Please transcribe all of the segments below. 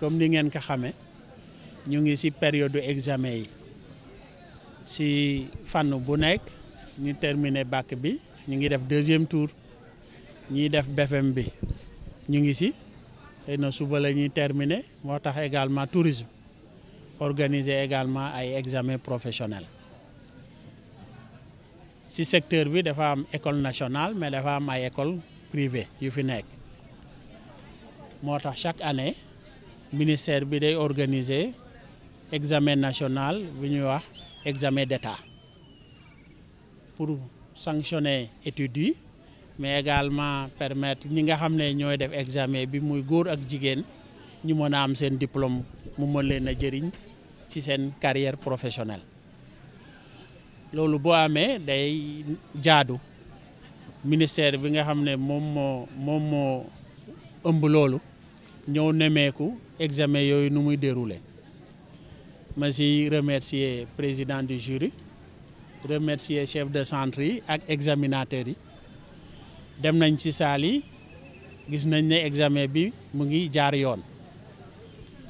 comme ni ngeen ko xamee ñu ngi ci période examen yi ci fànn bu nekk ñu terminé bac bi ñu ngi def deuxième tour ñuy def BFEM bi ñu ngi ci xëy na suba la ñuy terminé moo tax également tourisme organiser également ay examen professionnel ci secteur bi dafa am école nationale mais dafa am ay école privée yu fi nekk moo tax chaque année ministère bi day organiser examen national bu ñuy wax examen d'état pour sanctionner études yi mais également permettre ñi nga xam ne ñooy def examen bi muy góor ak jigéen ñu mën a am seen diplôme mu mën leen a jëriñ ci seen carrière professionnelle loolu boo amee day jaadu ministère bi nga xam ne moom moo moom moo ëmb loolu ñëw nemeeku examen yooyu nu muy déroulé ma si remercier président du jury remercier chef de centre yi ak examinateur yi dem nañ ci saal yi gis nañ ne examen bi mu ngi jaar yoon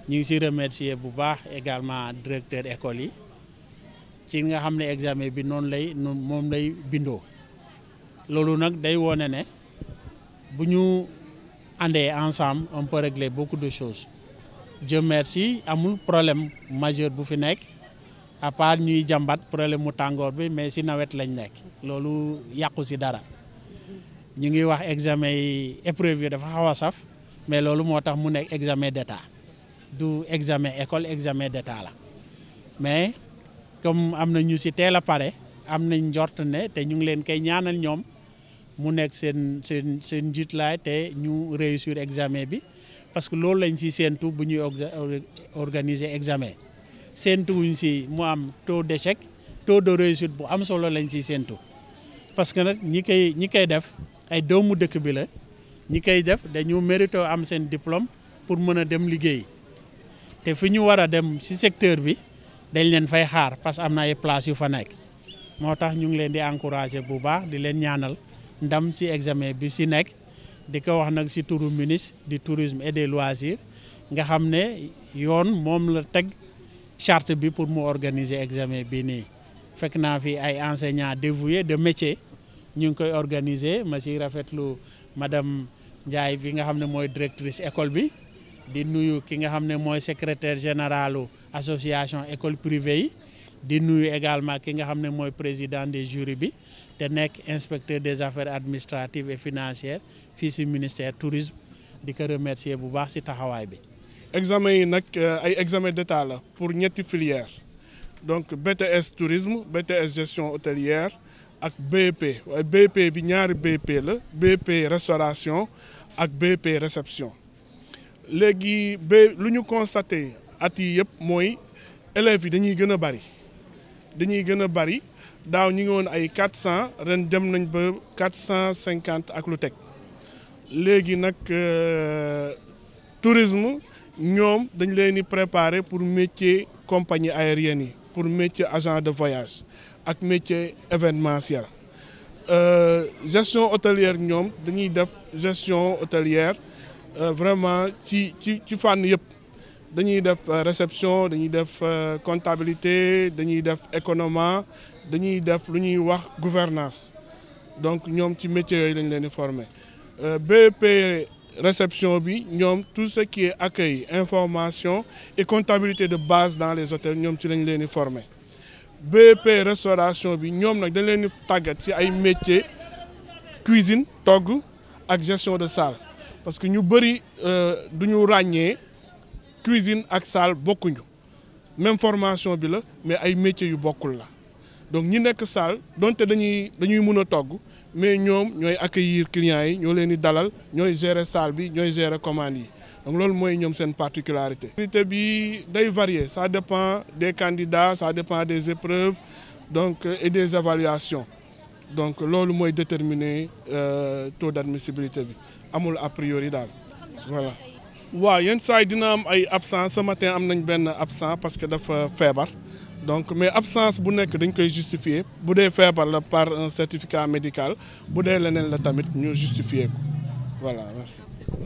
ñu ngi si remercier bu baax également directeur école yi ci nga xam ne examen bi noonu lay moom lay bindoo loolu nag day wone ne bu ñu àndee ensemble on peut régler beaucoup de choses Dieu merci amul problème majeur bu fi nekk à part ñuy jàmbat problème mu tàngoor bi mais si nawet lañ nekk loolu yàqu si dara ñu ngi wax examen yi épreuve yi dafa xaw a saf mais loolu moo tax mu nekk examen d'état du examen école examen d'état la mais comme am na ñu si teel a pare am nañ njort ne te ñu ngi leen koy ñaanal ñoom mu nekk seen seen seen njiitlaay te ñu réussir examen bi parce que loolu lañ si séentu bu ñuy organiser examen séentu wuñ si mu am taux check taux de réussite bu am solo lañ si séentu parce que nag ñi koy ñi koy def ay doomu dëkk bi la ñi koy def dañu mérité am seen diplôme pour mën a dem liggéey te fi ñu war a dem si secteur bi dañ leen fay xaar parce que am na ay place yu fa nekk moo tax ñu ngi leen di encourager bu baax di leen ñaanal ndam ci examen bi si nekk di ko wax nag si turu ministre di tourisme et des loisirs nga xam ne yoon moom la teg charte bi pour mu organiser examen bi nii fekk naa fi ay enseignants dévoués de métier ñu ngi koy organiser ma ci rafetlu madame njaay bi nga xam ne mooy directrice école bi di nuyu ki nga xam ne mooy secrétaire généralu association école privée yi di nuyu également ki nga xam ne mooy président des jurys bi te nekk inspecteur des affaires administratives et financières fii si ministère tourisme di ko bu baax si taxawaay bi. examen yi nag euh, ay examen d'état la pour ñetti filière donc BTS tourisme BTS gestion hôtelière ak BEP BEP bi ñaari BEP la BEP restauration ak BEP réception léegi ba lu ñu constaté. at yi yëpp mooy élèves yi dañuy gën a bari dañuy gën a bari daaw ñu ngi woon ay quatre cent ren dem nañ ba quatre cent cinquante ak lu teg léegi nag euh, tourisme ñoom dañ leen di préparer pour métier compagnie aérienne yi pour métier agent de voyage ak métier événementiel euh, gestion hôtelière ñoom dañuy def gestion hôtelière euh, vraiment ci ci ci fànn yëpp. dañuy def euh, réception dañuy def euh, comptabilité dañuy def économie dañuy def lu ñuy wax gouvernance donc ñoom ci métiers yooyu lañ leen di former euh, BEP réception bi ñoom tout ce qui est accueil information et comptabilité de base dans les hôtels ñoom ci lañ leen di former BEP restauration bi ñoom nag dañ leen di tàggat ci ay métiers cuisine togg ak gestion de salle parce que ñu bëri du ñu ràññee. cuisine ak salle bokkuñu même formation bi la mais ay métiers yu bokkul la donc ñi nekk salle donte dañuy dañuy mun a togg mais ñoom ñooy accueillir clients yi ñoo leen di dalal ñooy gérer salle bi ñooy gérer commande yi donc loolu mooy ñoom seen particularité. particularité bi de varier ça dépend des candidats ça dépend des épreuves donc euh, et des évaluations donc loolu mooy déterminer euh, taux d'admissibilité bi amul a priori daal waaw yenn saa yi dina am ay absence ce matin am nañ benn absent parce que dafa feebar donc mais absence bu nekk dañ koy justifier bu dee feebar la par un certificat médical bu dee leneen la tamit ñu justifier ko voilà merci.